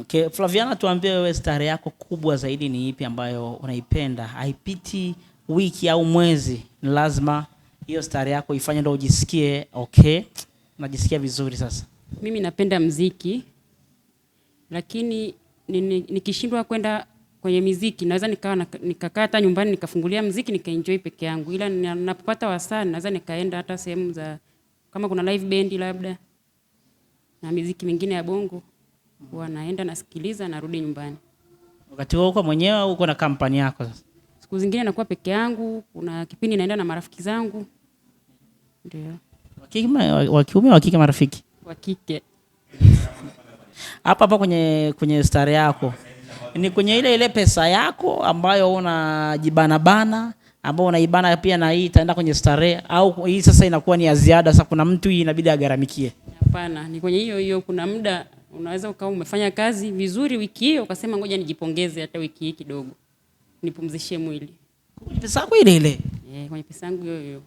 Okay, Flaviana tuambie wewe starehe yako kubwa zaidi ni ipi ambayo unaipenda? Haipiti wiki au mwezi, ni lazima hiyo starehe yako ifanye ndio ujisikie okay, najisikia vizuri sasa. Mimi napenda mziki lakini nikishindwa ni, ni kwenda kwenye miziki naweza nikakaa nika nyumbani nikafungulia mziki nikaenjoy peke yangu, ila ninapopata wasaa naweza nikaenda hata sehemu za kama kuna live band labda na miziki mingine ya bongo huwa naenda nasikiliza, narudi nyumbani. Wakati huo uko mwenyewe au uko na kampani yako? Sasa siku zingine nakuwa peke yangu, kuna kipindi naenda na marafiki zangu. Ndio wakiume kiume wa Marafiki wakike hapa hapa kwenye kwenye stare yako ni kwenye ile ile pesa yako ambayo unajibanabana ambao unaibana pia, na hii itaenda kwenye starehe au hii sasa inakuwa ni ya ziada? Sasa kuna mtu hii inabidi agaramikie Hapana, ni kwenye hiyo hiyo. Kuna muda Unaweza ukawa umefanya kazi vizuri wiki hiyo, ukasema ngoja nijipongeze hata wiki hii kidogo, nipumzishe mwili kwenye pesa yako ile ile, eh, kwenye pesa yangu hiyo hiyo.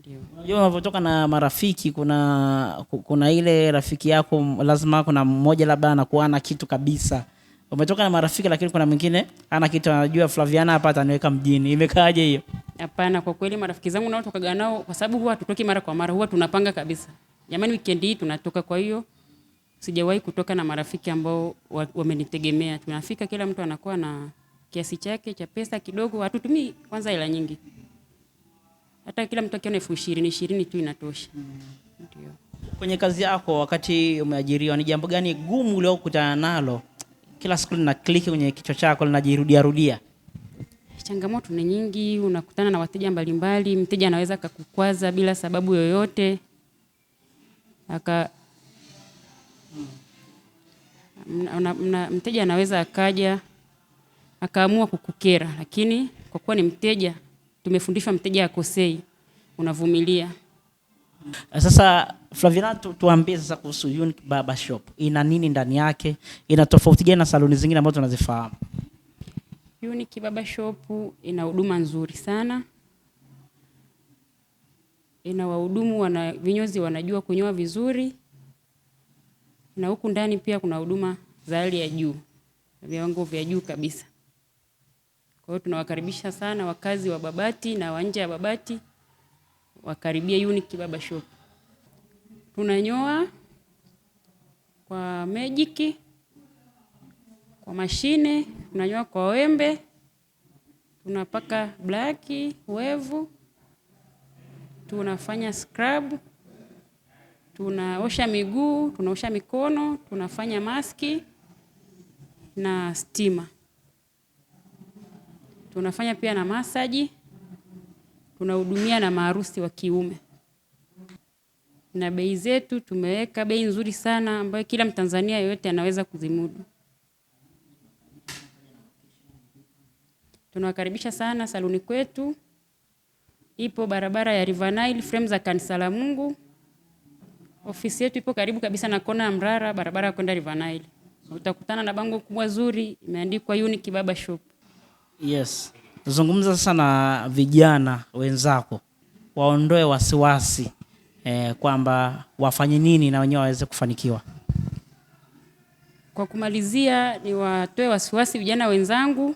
Ndio unajua unavyotoka na marafiki, kuna kuna ile rafiki yako lazima, kuna mmoja labda anakuwa na kitu kabisa umetoka na marafiki lakini kuna mwingine ana kitu anajua, Flaviana hapa ataniweka mjini. Imekaaje hiyo? Hapana, kwa kweli marafiki zangu nao tukaga nao, kwa sababu huwa hatutoki mara kwa mara, huwa tunapanga kabisa, jamani, weekend hii tunatoka. Kwa hiyo sijawahi kutoka na marafiki ambao wamenitegemea. Tunafika kila mtu anakuwa na kiasi chake cha pesa kidogo, hatutumii kwanza hela nyingi, hata kila mtu akiona elfu ishirini ishirini tu inatosha. Ndio. Kwenye kazi yako, wakati umeajiriwa, ni jambo gani gumu uliokutana nalo kila siku lina kliki kwenye kichwa chako linajirudia rudia? Changamoto ni nyingi, unakutana na wateja mbalimbali. Mteja anaweza akakukwaza bila sababu yoyote Mna, mna, mteja anaweza akaja akaamua kukukera, lakini kwa kuwa ni mteja, tumefundishwa mteja akosei, unavumilia. Sasa Flavina, tuambie sasa kuhusu Unique Barber Shop, ina nini ndani yake? Ina tofauti gani na saluni zingine ambazo tunazifahamu? Unique Barber Shop ina huduma nzuri sana, ina wahudumu wana vinyozi wanajua kunyoa vizuri na huku ndani pia kuna huduma za hali ya juu, viwango vya juu kabisa. Kwa hiyo tunawakaribisha sana wakazi wa Babati na wa nje ya Babati wakaribia Unique Barber Shop. Tunanyoa kwa mejiki, kwa mashine, tunanyoa kwa wembe, tunapaka blaki, wevu, tunafanya scrub tunaosha miguu, tunaosha mikono, tunafanya maski na stima, tunafanya pia na masaji, tunahudumia na maharusi wa kiume. Na bei zetu tumeweka bei nzuri sana ambayo kila Mtanzania yoyote anaweza kuzimudu. Tunawakaribisha sana saluni kwetu, ipo barabara ya River Nile frame za kanisa la Mungu. Ofisi yetu ipo karibu kabisa na kona ya Mrara, barabara ya kwenda River Nile. Utakutana na bango kubwa zuri imeandikwa Unique Baba Shop. Yes. Zungumza sasa na vijana wenzako waondoe wasiwasi eh, kwamba wafanye nini na wenyewe waweze kufanikiwa. Kwa kumalizia, ni watoe wasiwasi vijana wenzangu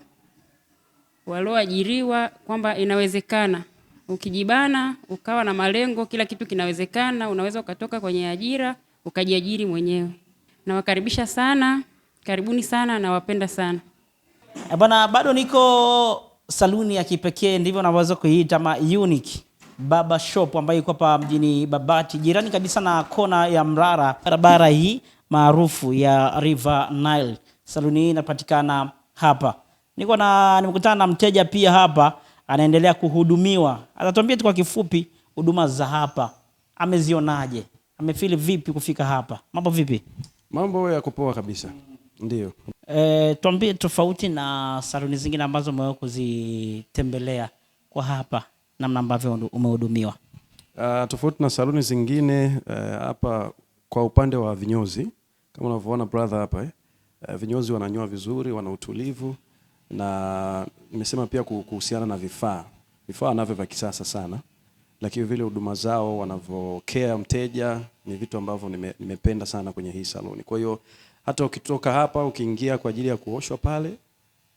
walioajiriwa kwamba inawezekana Ukijibana ukawa na malengo, kila kitu kinawezekana. Unaweza ukatoka kwenye ajira ukajiajiri mwenyewe. Nawakaribisha sana, karibuni sana, nawapenda sana eh, bwana. Bado niko saluni ya kipekee, ndivyo naweza kuiita ma unique Baba Shop ambayo iko hapa mjini Babati, jirani kabisa na kona ya Mrara, barabara hii maarufu ya River Nile. Saluni hii inapatikana hapa. Niko na nimekutana na mteja pia hapa anaendelea kuhudumiwa. Atatuambia tu kwa kifupi huduma za hapa amezionaje, amefili vipi kufika hapa. Mambo vipi? Mambo ya kupoa kabisa. Ndio. E, tuambie tofauti na saluni zingine ambazo umewahi kuzitembelea kwa hapa, namna ambavyo umehudumiwa. Uh, tofauti na saluni zingine eh, hapa kwa upande wa vinyozi kama unavyoona brother hapa eh, uh, vinyozi wananyoa vizuri, wana utulivu na nimesema pia kuhusiana na vifaa, vifaa navyo vya kisasa sana, lakini vile huduma zao wanavyokea mteja ni vitu ambavyo nime, nimependa sana kwenye hii saloni. Kwa hiyo hata ukitoka hapa ukiingia kwa ajili ya kuoshwa pale,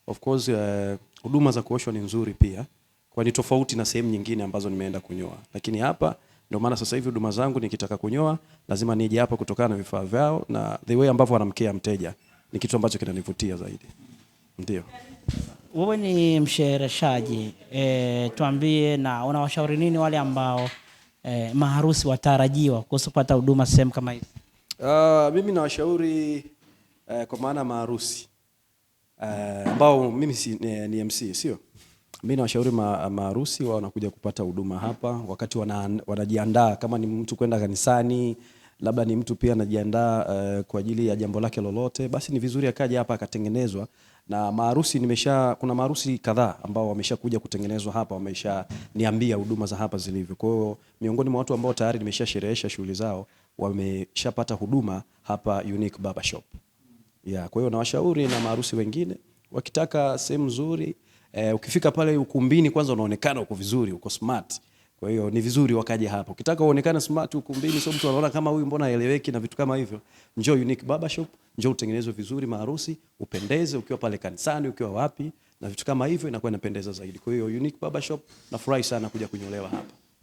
of course eh, huduma uh, za kuoshwa ni nzuri pia, kwa ni tofauti na sehemu nyingine ambazo nimeenda kunyoa, lakini hapa ndio maana sasa hivi huduma zangu nikitaka kunyoa lazima nije hapa kutokana na vifaa vyao na the way ambavyo wanamkea mteja ni kitu ambacho kinanivutia zaidi. Ndio. Wewe ni mshereheshaji e, eh, tuambie na unawashauri nini wale ambao e, maharusi watarajiwa kuhusu kupata huduma sehemu kama hizi? Uh, mimi nawashauri uh, kwa maana maharusi ambao uh, mimi si, ni, ni MC sio? Mimi nawashauri maharusi wao wanakuja kupata huduma hapa wakati wana, wanajiandaa kama ni mtu kwenda kanisani labda ni mtu pia anajiandaa uh, kwa ajili ya jambo lake lolote, basi ni vizuri akaja hapa akatengenezwa na maharusi nimesha, kuna maharusi kadhaa ambao wameshakuja kutengenezwa hapa, wameshaniambia huduma za hapa zilivyo. Kwa hiyo miongoni mwa watu ambao tayari nimeshasherehesha shughuli zao wameshapata huduma hapa Unique Barbershop. Ya, kwa hiyo nawashauri na maharusi wengine wakitaka sehemu nzuri e, ukifika pale ukumbini kwanza unaonekana uko vizuri, uko smart. Kwa hiyo ni vizuri wakaja hapa. Ukitaka uonekane smart ukumbini, sio mtu anaona kama huyu mbona haeleweki na vitu kama hivyo, njoo Unique Barbershop, njoo utengenezwe vizuri maharusi, upendeze ukiwa pale kanisani, ukiwa wapi na vitu kama hivyo, inakuwa inapendeza zaidi. Kwa hiyo Unique Barbershop, nafurahi sana kuja kunyolewa hapa.